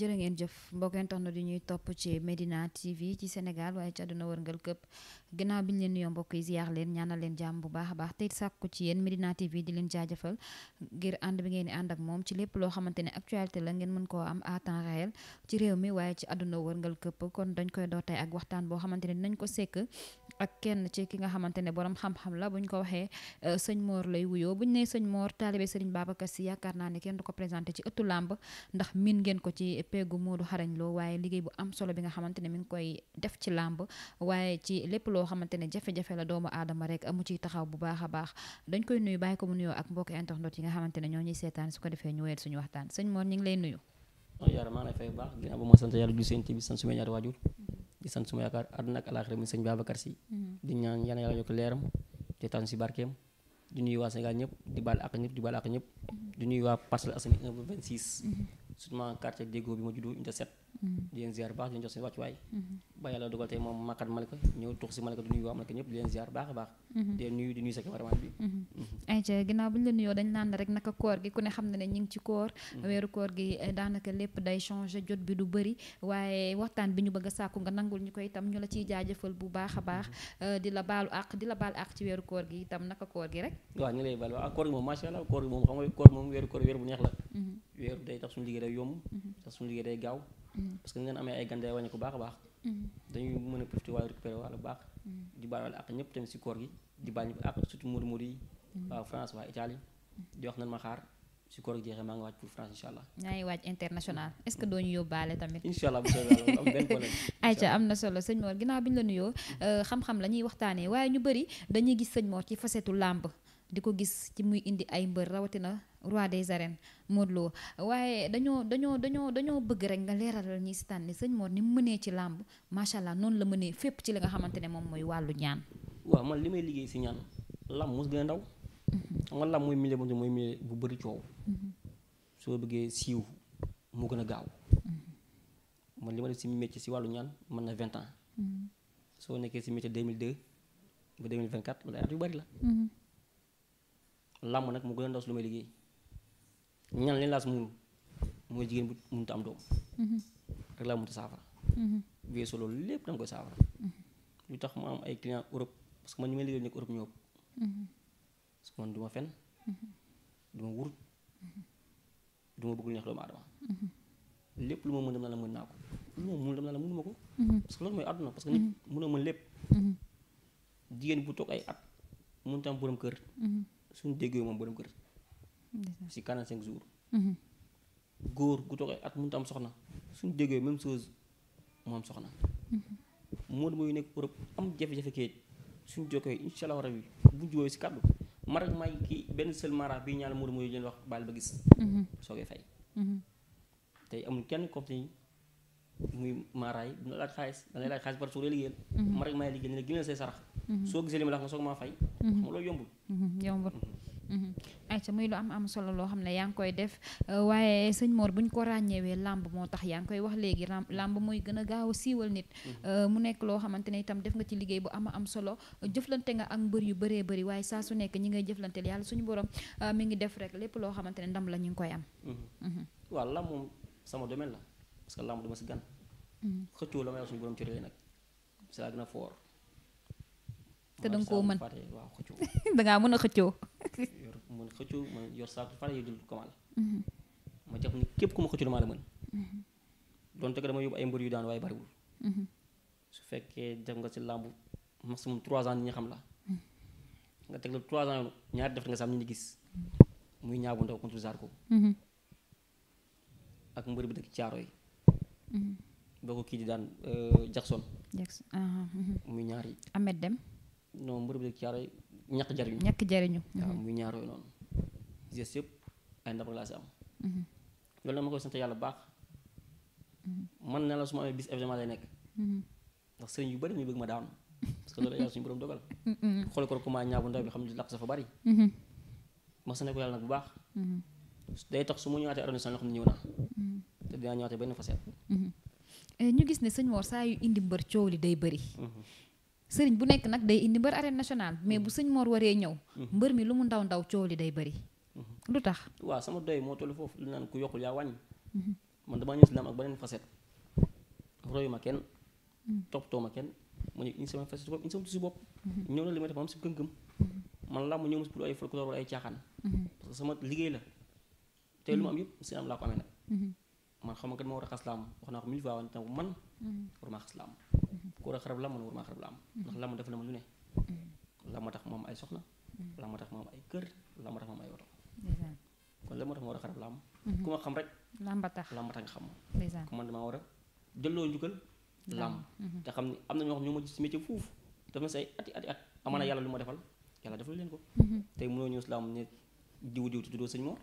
jërë ngeen jëf mbokk internet di ñuy topp ci Medina TV ci Sénégal waaye ci àdduna wërngal këpp ginnaaw bi ñu leen nuyoo mbokk yi ziar leen ñaanal leen jàmm bu baax a baax tey ko ci yéen Medina TV di leen jaajafal ngir ànd bi ngeen di ànd ak moom ci lépp loo xamante ne actualité la ngeen mën koo am à temps réel ci réew mi waaye ci àdduna wërngal këpp kon dañ koy door tey ak waxtaan boo xamante ne dinañ ko sekk ak kenn ci ki nga xamante ne borom xam-xam la buñ ko waxee euh, sëñ Mor lay wuyoo buñ nee sëñ Mor taalibe Sëriñ Babacar Sy yaakaar naa ne kenn du ko présenté ci ëttu làmb ndax miin ngeen ko ci peggu Modou Xarañ Lo waaye liggéey bu am solo bi nga xamante ne mi ngi koy def ci làmb waaye ci lépp loo xamante ne jafe-jafe la doomu aadama rek mu ciy taxaw bu baax a baax dañ koy nuyu bàyyi ko mu nuyu yaara maa ngi ba ma sant yàlla ju seen bi sant mm-hmm. yokk leeram te tànn si barkeem di nuyu waa Sénégal ñëpp di baal ak ñëpp di baal ak ñëpp mm-hmm. di nuyu waa Parcelles Assainies 1 surtout quartier déggoo bi ma juddu unité 7 di leen ziar baax di leen jox seen wàccuwaay mm-hmm. ba yàlla dogal tey moom makkat Malika ñëw tux si Malika du nuyu waa Malika ñëpp di leen ziar baax a baax mm-hmm. di nuyu di nuyu sa cameraman bi mm-hmm. ayca ginnaaw ba ñu la nuyoo dañ naan rek naka koor gi ku ne xam na ne ñu ngi ci koor mm-hmm. weeru koor gi eh, daanaka lépp day changé jot bi du bëri waaye waxtaan bi ñu bëgg a sàkku nga nangul ñu ko itam ñu la baax a baax mm-hmm. eh, di la a àq di la baal àq ci weeru koor gi itam naka koor gi rek waaw ñu lay baal waaw koor gi moom macha allah koor gi moom xam nga koor moom weeru koor weer bu neex la mm-hmm. weeru day tax suñu liggéey day yomb tax suñu liggéey day gaaw parce que ngeen amee ay gande wàññi ko baax a baax dañuy mën a profité waaye baax di baal di baal Mm-hmm. waaw France waa Italie di wax nan ma xaar si koor jeexee maa ngi waaj pour France incha allah. maa ngi international est que doo ñu yóbbaale tamit. incha allah bu am na solo sëñ Mor ginaaw bi ñu la nuyoo euh, xam-xam la ñuy waxtaanee waaye ñu bëri dañuy gis sëñ Mor ci facetu làmb di ko gis ci muy indi ay mbër rawatina roi des arènes Modou Lo waaye dañoo dañoo dañoo dañoo bëgg rek nga leeralal ñuy seetaan ne sëñ Mor ni mu mënee ci làmb macha allah noonu la mënee fépp ci li nga xamante ne moom mooy wàllu ñaan. waaw li may liggéey si ñaan xam nga làmb mooy milieu bu mooy milieu coow. soo bëggee siiw moo gën a gaaw. man li ma def si métier si wàllu ñaan mën na vingt ans. soo nekkee si métier deux mille deux ba deux mille vingt quatre loolu ay yu bëri la. làmb nag mu gën a ndaw si lu may liggéey ñaan leen laas mu mooy jigéen bu mënut am doom. rek laa mënut a saafara. weesu loolu lépp dama koy saafara. lu tax mu am ay clients Europe parce que man may liggéey nekk Europe ñoo parce que man du ma fen du wur du ma bëggul ñax doomu aadama lépp lu ma mën dem na la mën naa ko lu ma mënul la mënuma ko parce loolu mooy àdduna parce nit mënoo mën lépp jigéen bu toog ay at mënut am borom kër suñu déggee moom borom kër si 45 jours mhm. góor gu toog ay at mënut am soxna suñu déggee même chose mu am soxna mhm. moo mooy nekk Europe am jafe-jafe kayit suñu jokkee incha allah rabi bu ñu jubóoyee si kàddu mar ak may kii benn seul mara bi ñaan mudu mooy leen wax baal ba gis mhm. soogee fay mhm. tey amul kenn comme tey muy maaraay bu ñu laaj xaalis da ngay laaj xaalis par suur liggéeyal mar mhm. ak may liggéeyal ne la say sarax soo gisee li ma la wax nga soog maa fay xam loolu yombul yombul Mm-hmm. ayca muy lu am am solo loo xam ne yaa ngi koy def euh, waaye sëñ moor bu ñu ko ràññeewee làmb moo tax yaa ngi koy wax léegi làmb mooy gën a gaaw a siiwal nit mm-hmm. euh, mu nekk loo xamante ne itam def nga ci liggéey bu am am solo jëflante nga ak mbër yu bëree bëri waaye saa su nekk ñi ngay jëflanteel yàlla suñu borom euh, mi ngi def rek lépp loo xamante ne ndam la ñu ngi koy am mm-hmm. waaw làmb moom sama domaine la parce que làmb dama si gan xëccoo la may wax suñu borom gën a foor te danga koo mën waaw xëccoo mën a xëccoo yor man xëccoo man yor saako fara yor dul komaal mhm. ma jàpp ni képp ku ma xëccoo damaa la mën mhm. donte ko dama yóbbu ay mbër yu daan waaye bariwul mhm. su fekkee def nga si làmb maximum trois ans ni ñu xam la nga teg la trois ans ñaari def nga sam ñu ni gis muy ñaaw bu ndaw contre Zarko ak mbër bi dëkk euh, ñaari Ahmed Dem mbër bi dëkk caaro yi ñàkk jariñu waaw mhm. muy ñaar noonu geste ay mhm. ma koy sant yàlla baax mhm. man ne la su ma amee bis événement lay nekk ndax sëriñ yu bari ñu bëgg ma daanu parce que loolu yàlla suñu borom dogal xool ko ku ma ñaabu ndaw bi xam ne làq sa fa bari ma sant ko yàlla nag bu baax day tax su ma ñëwaatee arrondissement loo xam ne ñëw naa te dinaa ñëwaatee benn facette eh, ñu gis ne sëñ Mor saa yu indi mbër coow li day bëri sëriñ bu nekk nag day indi mbër arène nationale mais mm-hmm. bu sëñ Mor waree ñëw. Mm-hmm. mbër mi lu mu ndaw ndaw coow li day bëri. Mm-hmm. lu tax waaw sama doy moo toll foofu lu naan ku yokkul yaa wàññi. man damaa ñëw si lam ak beneen facette. ma kenn mu ne une semaine facette bopp une semaine si bopp. ñëw li may def ma am si gëm-gëm. man la. ma am yëpp si am laa ko amee nag. man xam nga kat ma war a xas làmb wax naa ko mille fois wante man. waruma xas làmb war a xarab lam man war maa xarab lam ndax lam def na ma lu ne mm-hmm. lam ma tax moom ay soxna mm-hmm. lam ma tax moom ay kër lam tax moom la moo tax ma a xarab lam mm-hmm. ku ma xam rek lam ba tax lam ba tax nga xam moom ku man damaa a jëlloo njukkal lam te xam ne am na ñoo xam ñoo ma gis ci métier foofu def na si ay ati ati at amaana yàlla lu ma defal yàlla defal leen ko tey mënoo ñëw islam ne diw diw tuddoo sëñ Mor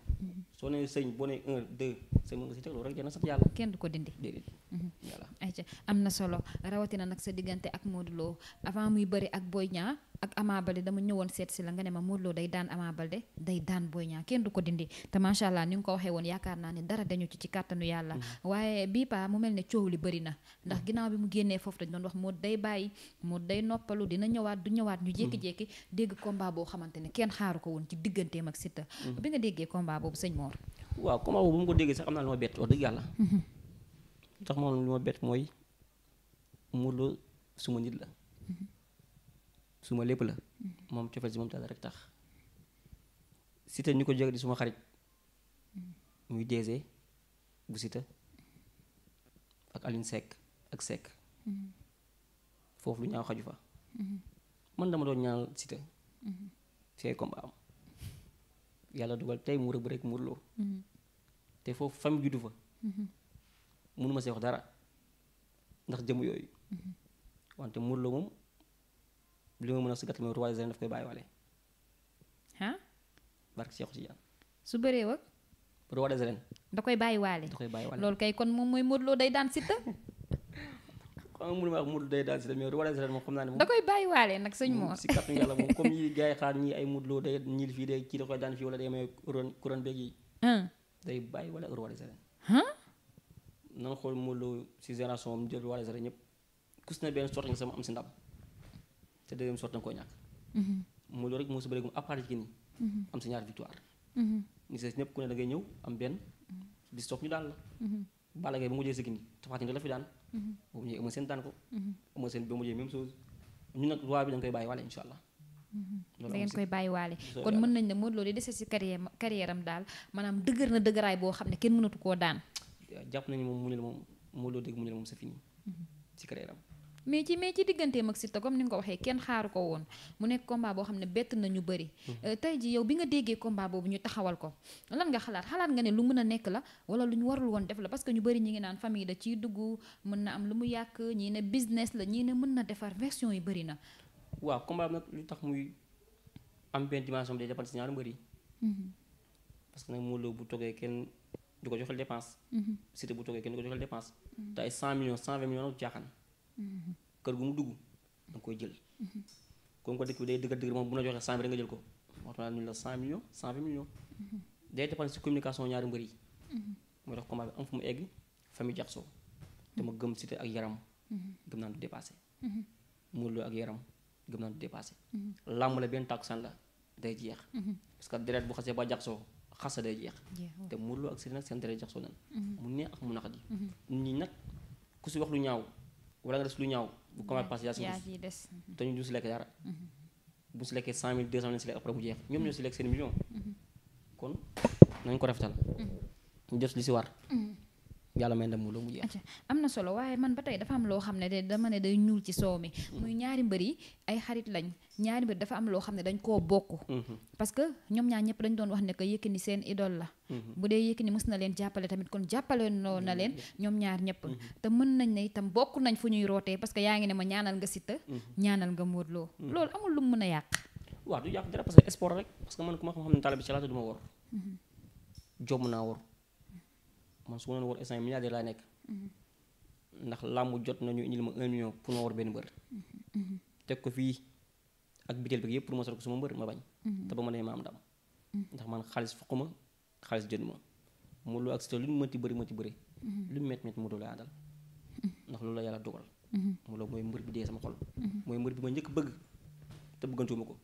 soo nee sëñ boo nee un deux sëñ Mor nga si tegloo rek dina sant yàlla kenn du ko dindi déedéet voilà am na solo rawatina nag sa diggante ak Modou Lo avant muy bëri ak Boy Niang ak Ama Baldé dama ñëwoon seet si la nga ne ma Modou Lo day daan Ama Baldé day daan Boy Niang kenn du ko dindi te macha allah ni nga ko waxee woon yaakaar naa ne dara dañu ci ci kàttanu yàlla. Mm-hmm. waaye bii paa mu mel ne coow li bëri na. ndax ginnaaw bi mu génnee foofu dañ doon wax Modou day bàyyi Modou day noppalu dina ñëwaat du ñëwaat ñu jékki-jékki mm-hmm. dégg combat boo xamante ne kenn xaaru ko woon ci digganteem ak Siteu. Mm-hmm. bi nga déggee combat boobu sëñ Mor. waaw combat boobu bu sax am naa lu ma lu ma Modou Lo suma nit la mhm. suma lépp la mhm. moom cofeel si moom taal rek tax Siteu ñu ko jege di suma xarit mhm. muy DG bu Siteu ak Aline Seck ak Seck foofu lu ñaaw xaju fa man dama doon ñaanal Siteu fee combat am yàlla dugal tey mu rëbb rek Modou Lo te foofu famille juddu fa mënuma see wax dara ndax jëm yooyu Mm-hmm. wante Modou Lo moom li ma mën a si gàttal mooy roi des arènes daf koy bàyyi wale ah. barke Cheikh Tidiane. su bëree wëkk. roi des da koy bàyyi waale. da koy bàyyi waale loolu kay kon moom mooy Modou day daan Siteu. xam nga mënu moom xam naa ne moom. da koy bàyyi nag sëñ Mor. si kàttan yàlla moom comme ñi gars xaar ñii ay Modou day ñii fii day kii da koy daan fii wala day may couronne beeg yi. day bàyyi wala roi des nan xool Modou Lo si génération am jël roi des arènes kus na benn sorte nga sama am si ndam te deuxième sorte na koo ñàkk mhm. mooy loolu rek moo si bëreegum à part jigéen ñi mhm. am si ñaar victoire mhm. ñi sees ñëpp ku ne da ngay ñëw am benn bis soog ñu daal la Balla Gaye ba mujjee sigin Tapha Tine la fi daan ba mujjee Eumeu Sène daan ko Eumeu Sène ba mujjee même chose ñu nag roi bi dañ koy da ngeen koy bàyyiwaale kon mën nañ ne Modou Lo daal maanaam dëgër na dëgëraay boo xam ne kenn mënatu koo daan jàpp nañu moom mu moom Modou Lo dégg mu ne la mais ci mais ci digganteem ak Siteu comme ni nga ko waxee kenn xaaru ko woon mu nekk combat boo xam ne bett na nañu bëri mm-hmm. euh, tey ji yow bi nga déggee combat boobu ñu taxawal ko lan nga xalaat xalaat nga ne lu mën a nekk la wala lu ñu warul woon def la parce que ñu bëri ñi ngi naan famille da ciy dugg mën na am lu mu yàq ñii ne business la ñii ne mën na defar version yi bëri na waaw combat nag lu tax muy am benn dimension bi day dépendre si ñaari mbër yi mm-hmm. parce que nag bu toggee kenn du ko joxel dépense mm-hmm. Siteu bu toggee kenn ko joxel dépense te ay 100 millions kër gu mu dugg danga koy jël comme ko dëkk bi day dëgër dëgër moom bu na joxee cent mille nga jël ko waxtu naa ñu la cent millions cent vingt millions day dépendre si communication ñaari mbër yi mooy tax combat bi am fu mu egg famille jaxasoo te ma gëm Siteu ak yaram gëm naa du dépassé làmb la benn tàkkusaan la day jeex parce que deret bu xasee ba jaxasoo xasa day jeex te Modou Lo ak Siteu nag seen deret jaxasoo nan mhm. mu neex ak mu naqadi nit ñi nag ku si wax lu ñaaw wala nga def lu ñaaw bu commencé passé yaa si des mhm. te ñu du si lekk dara mhm. bu si lekkee cent mille deux cent mille si lekk après mu jeex ñoom ñoo si lekk seen million mhm. kon nañ ko rafetal ñu def si war yàlla may ndam mu loo mu jeex am na solo waaye man ba tey dafa am loo xam ne de dama ne day ñuul ci soow mi mm-hmm. muy ñaari mbër yi ay xarit lañ ñaari mbër dafa am loo xam ne dañ koo bokk mm-hmm. parce ñoom ñaar ñëpp dañ doon wax ne que Yékini seen idole la mm-hmm. bu dee Yékini mës na leen jàppale tamit kon jàppale noo na leen ñoom ñaar ñëpp te mën nañ ne itam bokk nañ fu ñuy rootee parce yaa ngi ne ma ñaanal nga Siteu ñaanal nga Modou loolu amul lu mu a yàq waaw du man su ma doon war instant milliardaire laa nekk. Mm-hmm. ndax làmb jot nañu indil ma un million pour ma war benn mbër. Mm-hmm. Mm-hmm. teg ko fii ak bitel bi yëpp pour ma sot ko suma mbër ma bañ. te ma nee ma am ndam. ndax man xaalis foq ma xaalis jënd ma mu lu ak si lu mu mënti bëri mënti bëri. lu mu métti métti mu dul laa dal ndax loolu la yàlla dogal. mu loolu mooy mbër bi dee sama xol. mooy mbër bi ma njëkk bëgg te bëggantuuma ko.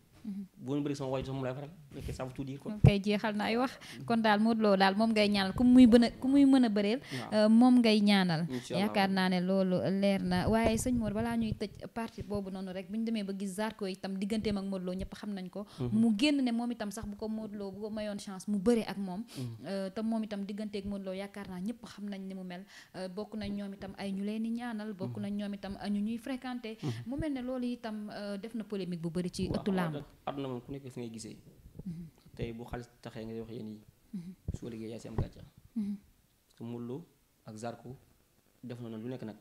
boo ñu bëri sama waajur sax moom lay faral nekkee ça veut kay jeexal na ay wax kon daal Modou daal moom ngay ñaanal ku muy bën a ku muy mën a bëreel. Euh, moom ngay ñaanal. yaakaar naa ne loolu leer na waaye sëñ Mor balaa ñuy tëj partie boobu noonu rek bu ñu demee ba gis Zarko itam digganteem ak Modou Lo ñëpp xam nañ ko. Mhm. mu génn ne moom itam sax bu ko Modou Lo bu ko mayoon chance mu bëre ak moom. Mhm. Euh, te moom itam digganteeg Modou yaakaar naa ñëpp xam nañ ni mu mel euh, bokk nañ ñoom itam ay ñu leen di ñaanal bokk mhm. nañ ñoom itam ñu ñuy fréquenté mu mel ne loolu itam def na polémique bu bëri ci ëttu làmb àdduna moom ku nekk fi ngay gisee mm-hmm. tey bu xaalis taxee ngay wax yéen yi mm-hmm. soo liggéey yaay si am gàcca mm-hmm. parce que ak Zarko def na lu nekk nag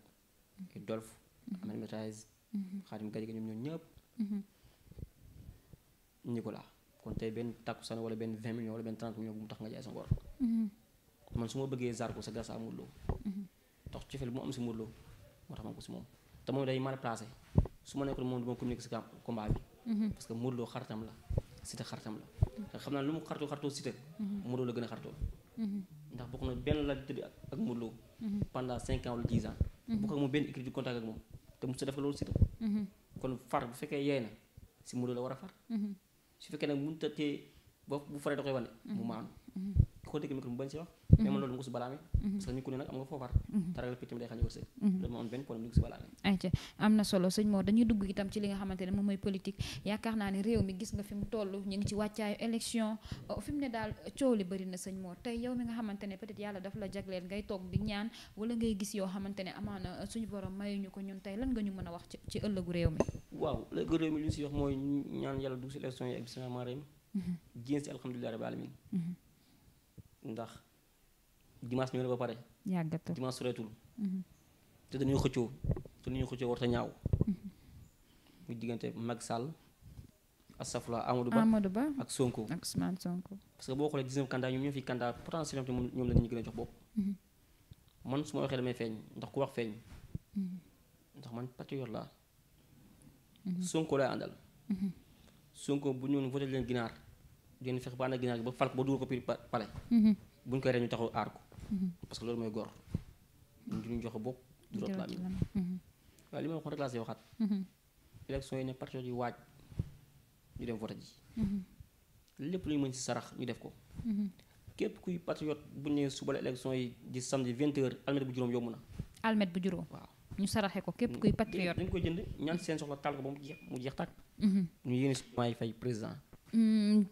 i dolf Ahmed Mathias Khadim Gadiaga ñoom ñoom ñëpp Nicolas kon tey benn tàkkusaan wala benn 20 millions wala benn 30 millions bu mu tax nga jaay sa ngor man su ma bëggee Zarko c'est grâce à Modou cofeel bu mu am si Modou moo tax ma ko si moom te moom day mal placé su ma nekkoon moom du ma si combat bi Mm-hmm. parce que Modou Lo xaritam la Siteu xaritam la te mm-hmm. xam naa lu mu xartoo xartoo Siteu mm-hmm. Modou Lo la gën a xartoo ndax bokk na benn la tëdd ak Modou Lo cinq ans wala dix ans bokk ak moom benn écrit contact ak moom te mu su def loolu Siteu kon far bu fekkee yeey na si Modou la war a far su fekkee nag mënut a téye bu faree da koy wane mu maanu ko dégg micro mu bañ si wax mhm. mais man loolu mu ko si balaame mhm. parce que nit ku mhm. mi si a wax mooy ñaan yàlla dugg si élection yi ak bisimilaa maa réew mi génn si alhamdulilah rabbi alamin ndax dimanche ñëw na ba pare. yàggatul dimanche soreetul. Mhm. te dañuy xëccoo te li xëccoo warta ñaaw. Mhm. muy diggante mag Sall. Asafla Amadou Ba Amadou Ba ak Sonko ak Ousmane Sonko. parce que boo xoolee 19 candidats ñoom ñoo fi candidat potentiel ñoom la ñu gën a jox bopp. Mhm. man su ma waxee damay feeñ ndax ku wax feeñ. ndax man patriote laa. Sonko laay àndal. bu ñu voté leen ginaar. dinañ fexe ba ànd ak ginaar gi ba fal ko ba dugal ko biir palais mhm. bu ñu koy rey ñu taxaw aar ko mhm. parce que loolu mooy góor ñu duñu joxe bopp du root laa waaye li ma waxoon rek laa mhm. la élection yi di samedi vingt heures almet bu juróom yomb na almet bu juróom waaw ñu saraxe ko képp kuy patriote dañ koy jënd ñaan seen soxla taal ko ba mu jeex mu jeex tàkk ñu yéene si may fay président Mm,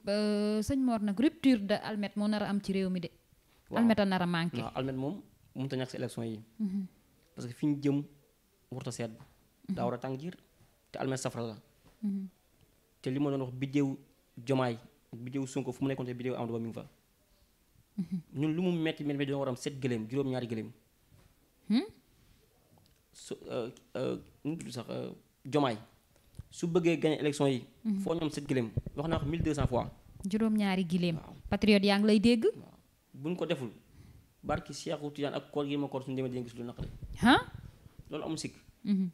sëñ Mor nag rupture de almet moo nar a am ci réew mi de. waaw almet a nar a manqué. waaw almet moom mënut a ñàkk si élection yi. Mm-hmm. parce que fi ñu jëm warut a sedd. Mm-hmm. daa a tàng te almet safara la. Mm-hmm. te li ma doon wax biddewu jomaay biddewu Sonko fu mu nekkoon te biddewu Amadou Ba mi fa. ñun lu mu metti metti dina war a am set gëléem juróom-ñaari gëléem. Hmm? Euh, euh, mu tudd sax euh, jomaay. su bëggee gagné élection yi. Mhm. foo ñoom set gileem wax naa ko 1200 fois. juróom-ñaari gileem. waaw yaa ngi lay dégg. buñ ko deful barki Cheikhou Tidiane ak koor gi ma koor suñu demee dinañ gis lu mhm.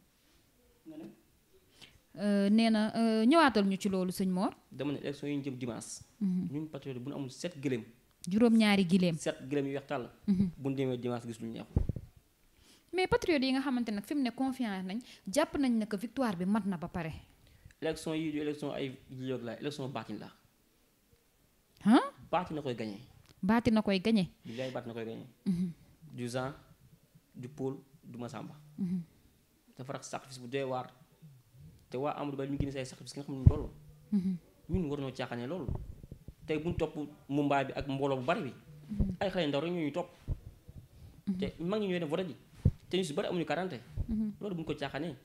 euh, nee na euh, ñëwaatal ñu ci loolu sëñ Mor. dama ne élection yi ñu jëm dimanche. Mhm. ñun patriote bu nu amul set gileem. juróom-ñaari gileem. set gileem yu weex tàll. bu ñu demee dimanche gis lu ñu neexul. mais patriote yi nga xamante nag fi mu ne confiance nañ jàpp nañ ne que victoire bi mat na ba pare. élection yi du élection ay yëg la élection baatin la. ah. baati na koy gagné. baati na koy gagné. bilaay baati na koy gagné. Mhm. du Jean du Paul du Massamba. Mhm. dafa rax sacrifice bu doy waar te waa Amadou Ba ñu génne say sacrifice ki nga xam ne loolu. Mhm. ñun war nañoo caaxaane loolu. tey bu ñu topp mumbaay bi ak mbooloo bu bari bi. ay xale ndaw rek ñoo ñu topp. te mag ñi ñooy dem vote ji te ñu si bari amuñu quarante. loolu bu ñu ko caaxaanee.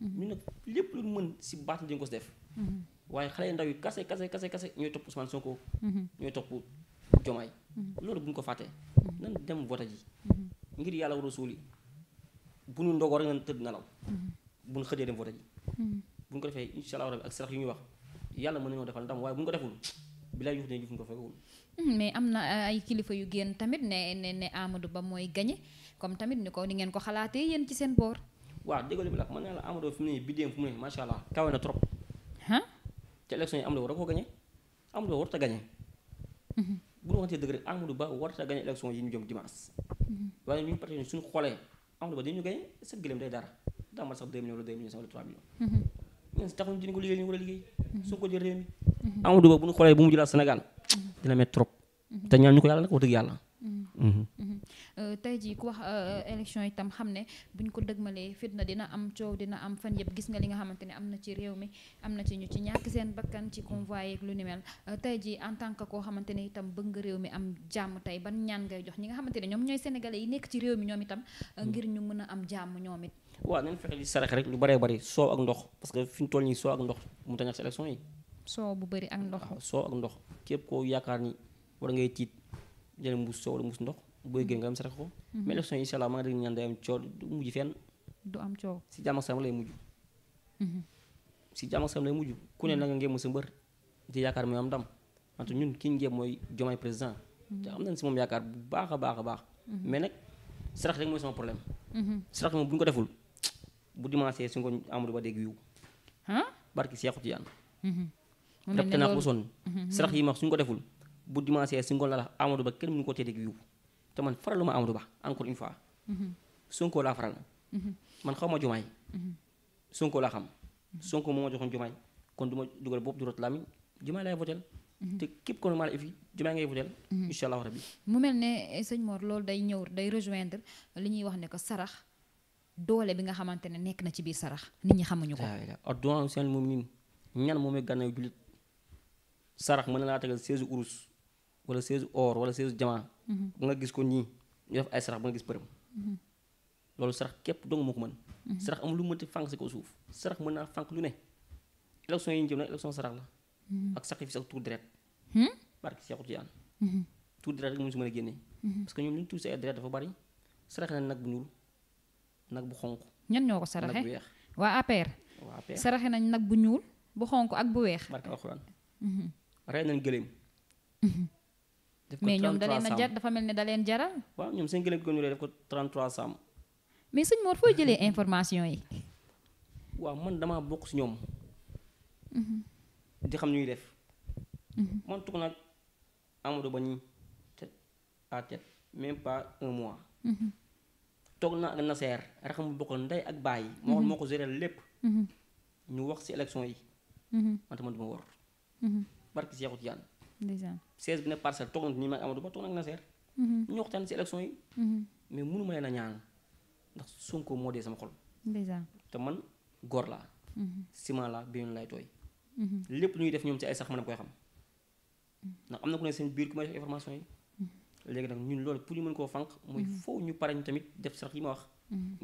ñun nag lépp lu mën si baat dañ ko si def. Mm-hmm. waaye xale yu ndaw yi kase kase kase kase ñooy topp Ousmane Sonko. Mm-hmm. ñooy topp Jomaay. Mm-hmm. loolu bu ñu ko fàttee. nan dem vote ji. ngir yàlla war a suuli bu nu ndogoo rek nan tëdd nalaw. bu nu xëjee dem vote ji. bu ñu ko defee incha allah rabi ak sarax yu ñuy wax yàlla mën noo defal ndam waaye bu ñu ko deful bilaay yuuf ne yuuf ñu ko fekkul. mais am na uh, ay kilifa yu génn tamit ne ne ne Ba mooy gañe comme tamit ni ko ni ko xalaatee yéen ci seen boor. waaw déggoo li mu lakk mën naa la Amadou fi mu ne biddéem fu mu ne macha allah kawe na trop. ci élection yi Amadou war a ko gagné Amadou Ba warut a gagné. Mhm. bu ñu waxantee dëgg rek Amadou yi ñu jëm dimanche. Mhm. waaye ñun parti suñu xoolee Amadou Ba dañu gagné sa gëlëm day dara daa mat sax 2 millions wala 2 millions wala 3 mhm. ko war a liggéey. su ko jël réew mi. Ba bu ñu xoolee bu mu jëlaat Sénégal dina met trop. te ñaan ñu ko yàlla nag wax dëgg yàlla. Euh, tey jii ku wax euh, mm. élection itam xam ne buñ ko dëgmalee fitna dina am coow dina am fan yëpp gis nga li nga xamante ne am na ci réew mi am na ci ñu ci ñàkk seen bakkan ci convoi lu ni mel euh, tey jii en tant que koo xamante ne itam bëgg nga réew mi am jàmm tey ban ñaan ngay jox ñi nga xamante ne ñoom ñooy sénégalais yi nekk ci réew mi ñoom itam ngir ñu mën a am jàmm ñoom it waaw nañ fexe di sarax rek lu bëree bëri soow ak ndox parce que fi ñu toll nii soow ak ndox mu tañax si élection yi bu bëri ak ndox ak ndox képp koo yaakaar ni war ngay tiit jël mbuus soow wala ndox booy génn nga am sarax ko mhm. mais élection yi incha allah maa ngi dégg ñaan day am coow du mujj fenn du am coow si jàmm ak salaam lay mujj mhm. si jàmm mhm. na nga ngéem sa mbër di yaakaar mooy am ndam wante ñun ki ngéem mooy jomaay président a baax a sarax bu ko deful bu dimanche su ñu ko amul ba dégg yiw barki seexu ci yaan rek te naa ko sonn sarax yi ma su ko deful bu dimanche su ñu ko la Amadou Ba kenn mënu ko tee dégg yiw te man faralu ma Amadou Ba encore une fois. Mhm. Sonko laa faral. Mhm. man xaw ma Diomaye. Mhm. Sonko laa xam. Sonko moo ma joxoon Diomaye kon du ma dugal bopp du rot lamiñ Diomaye laay votel te képp kon maa la fi Diomaye ngay votel incha allahu rabbi mu mel ne eh, sëñ Mor loolu day ñëw day rejoindre li ñuy wax ne ko sarax doole bi nga xamante ne nekk na ci biir sarax nit ñi xamuñu ko. waaw seen moom ñun ñan moomay gànnaaw jullit sarax mën na laa tegal 16 urus Mm-hmm. nga gis ko nii ñu def ay sarax ba nga gis përëm mm-hmm. loolu sarax képp dong moo ko mën mm-hmm. sarax amul lu mënti fànq si ko suuf sarax mën naa fànq lu ne élection yi ñu jëm nag élection sarax la ak sacrifice ak tour deret hmm? barke Seexu Tijaan tour deret rek mu si mën a génne parce que ñoom li ñu tuur si ay deret dafa bari sarax na nag bu ñuul nag bu xonq ñan ñoo ko saraxe waa APR waa APR saraxe nañ nag bu ñuul bu xonq ak bu weex rey nañ gëléem mais ñoom da leen a jar dafa mel ni da leen jaral. waaw ñoom seen gëléem gi ko ñuulee def ko 33 sàmm. mais sëñ Mor fooy jëlee information yi. waaw man dama bokk si ñoom. di xam ñuy def. man tukk nag Amadou mois. toog na ak Nasser raxam bu bokk ndey ak baay. moo moo ko géré lépp. ñu wax si élection yi. Mhm. man tamit duma war. Mhm. barki Seexu Tijaan. 16 bi ne parcelle toog na nii mag Amadou Ba toog na Nasser. Mhm. ñu waxtaan si élection yi. Mhm. mais mënu ma leen a ñaan ndax Sonko moo dee sama xol. te man góor laa. Mhm. ciment laa bi ñu lay tooy. lépp lu ñuy def ñoom ci ay sax mën a koy xam. ndax am na ku ne seen biir ku may def yi. léegi nag ñun loolu pour ñu mën koo fànq. muy foofu ñu pare ñu tamit def sax yi ma wax.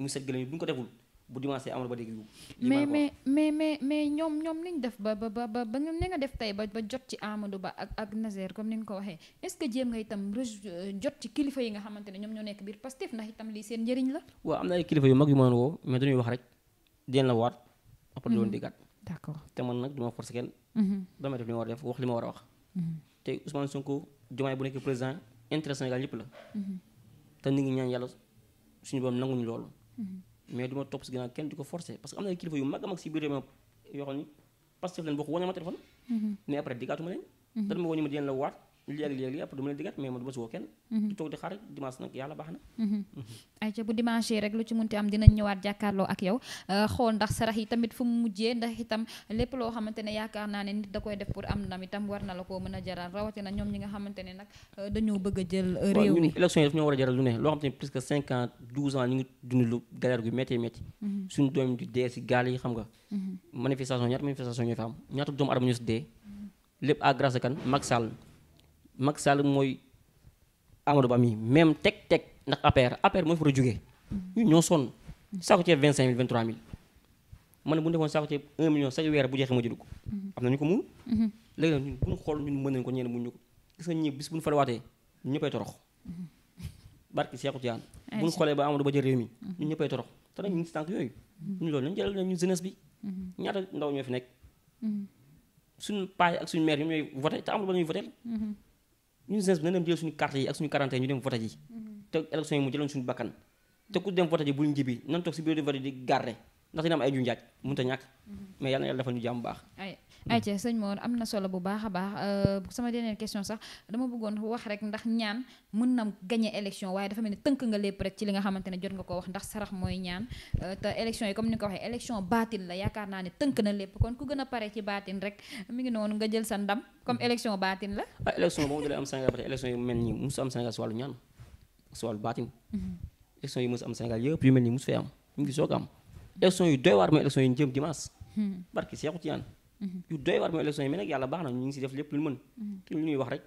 mu set gëlëm yi bu ñu ko deful. bu dimanche amul ba dégg mais mais mais mais mais ñoom ñoom niñ def ba ba ba ba ni nga def tey ba ba jot ci Amadou Ba ak ak Nazer comme ni nga ko waxee est-ce que jéem nga itam euh, jot ci kilifa yi nga xamante ne ñoom ñoo nekk biir Pastef ndax itam lii seen njëriñ la. waaw am na ay kilifa yu mag yu ma woo mais dañuy wax rek dinañ la waat. après doon mhm. déggaat. d'accord te man nag du ma forcer kenn. Mhm. dama def li ma war a def wax li ma war a wax. Mhm. te Ousmane Sonko Diomaye bu nekk président intérêt Sénégal yëpp la. te ñu ngi ñaan yàlla suñu borom nanguñu loolu. mais du ma topp si ginnaaw kenn di ko forcer parce que am na kilifa yu mag a mag si biir réew mi yoo xam ni parce que leen boo ko wane ma mm-hmm. mais après diggaatuma leen mm-hmm. dan ma woñu di leen la waat léeg-léeg yàpp du ma leen diggat mais ma du ma si woo kenn mhm. di toog di xaar dimanche nag yàlla baax na mhm. mhm. ay ca bu dimanche rek lu ci munti am dinañ ñëwaat jàkkaarloo ak yow euh, xool ndax sarax yi tamit fu mu mujjee ndax itam lépp loo xamante ne yaakaar naa a euh, a euh, a douze ans ñu ngi dund lu galère gu métti métti suñu doom di dee si gaal yi xam nga manifestation ñaata manifestation ñoo fi am ñaata doomu adama ñu si dee lépp à grâce Macky Sall mooy Amadou Ba mi même teg teg ndax APR APR mooy fa jógee mm-hmm. ñun ñoo sonn mm-hmm. saako ceeb 25000 23000 man bu ñu defoon saako ceeb 1 bu jeexee ma jënd ko. Mm-hmm. am na ñu ko mun. léegi nag ñun bu ko ñeneen mun ko gis nga ñii bis bu ñu falewaatee ñun ñëppay torox. barki xoolee ba Amadou Ba mi ñun ñëppay torox te ñu ngi si tànk yooyu. ñun bi. ñaata ndaw ñoo fi nekk. suñu paay ak suñu maire ñoom ñooy voté te Amadou Ba ñuy voté. ñun jeunesse bi na dem jël suñu carte yi ak suñu quarante ñu dem vote ji mhm. te élection yi mu jëloon suñu bakkan te ku dem vote ji bul njibi nan si bureau de vote di garde ndax dina am ay ju njaaj mënut ñàkk mhm. mais yàlla yàlla defal ñu jàmm baax Mm. ayca sëñ Mor am na solo bu baax a baax euh, sama dernière question sax dama bëggoon wax rek ndax ñaan mën na gagné élection waaye dafa mel ni tënk nga lépp rek ci li nga xamante ne jot nga ko wax ndax sarax mooy ñaan euh, te élection yi comme ni nga ko waxee élection baatin la yaakaar naa ne tënk kon ku gën a pare ci baatin rek mi ngi noonu nga jël sa ndam comme mm. élection baatin la ah élection boo mu dalee am Sénégal ba tey élection si wàllu ñaan si wàllu baatin mm-hmm. élection yi musu am Sénégal yëpp yu mel nii musu fee am ñu ngi soog am élection yu doy waar mooy élection yu jëm dimanche mm-hmm. barki seexu ci Mhm. yu doy war mooy élection yi mais nag yàlla baax na ñu ngi si def lépp lu mën mhm. te lu ñuy wax rek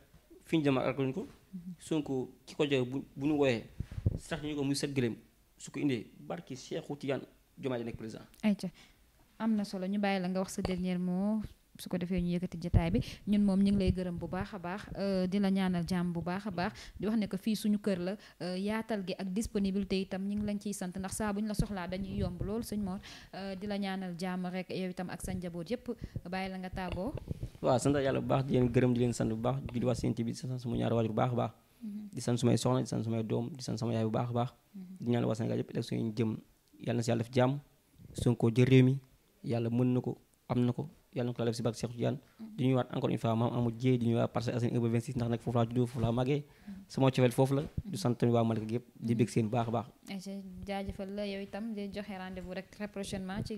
fi ñu jëm ak ko mhm. Sonko ki ko joxe bu bu ñu wooyee sax ñu ko muy set gëléem su ko indee barki Seexu Tijaan Jomaay di nekk président. ayca am na solo ñu bàyyi la nga wax sa dernier mot. su ko defee ñu yëkkati jataay bi ñun moom ñu ngi lay gërëm bu baax a baax euh, di la ñaanal jàmm bu baax a baax di wax ne que fii suñu kër la euh, yaatal gi ak disponibilité itam ñu ngi lañ ciy sant ndax saa bu ñu la soxlaa dañuy yomb lool sëñ Mor euh, di la ñaanal jàmm rek yow itam ak sa njaboot yépp bàyyi la nga tàggoo waa sant yàlla bu baax di leen gërëm di leen sant bu baax di wax seen bi di sant sama ñaari waajur bu baax a baax mm-hmm. sumay soxna di sant sumay doom di sant sama yaay bu baax a baax mm-hmm. di ñaan waa Sénégal yépp élection yi jëm yàlla na si yàlla jàmm Sonko jël réew mi yàlla mën na ko am na ko yàlla na ko yàlla def si bàq Cheikh Tidiane mm-hmm. di ñuy waat encore une fois maam ñuy waat Parcelles Assainies foofu laa juddoo foofu laa màggee mm-hmm. mm-hmm. seen baax a baax eh, jaajëfal la yow joxe rendez-vous rek très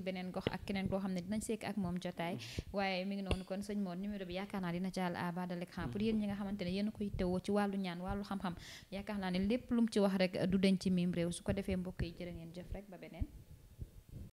beneen gox ak keneen koo xam ne dinañ sekk ak moom jotaay waaye mi ngi noonu kon sëñ Mor yaakaar naa dina jàll à bas de l'écran pour yéen ñi nga xamante ne yéen koy teewoo ci wàllu ñaan naa ne lépp lu mu ci wax rek du ci miim réew su ko defee mbokk yi jërë ngeen jëf rek ba beneen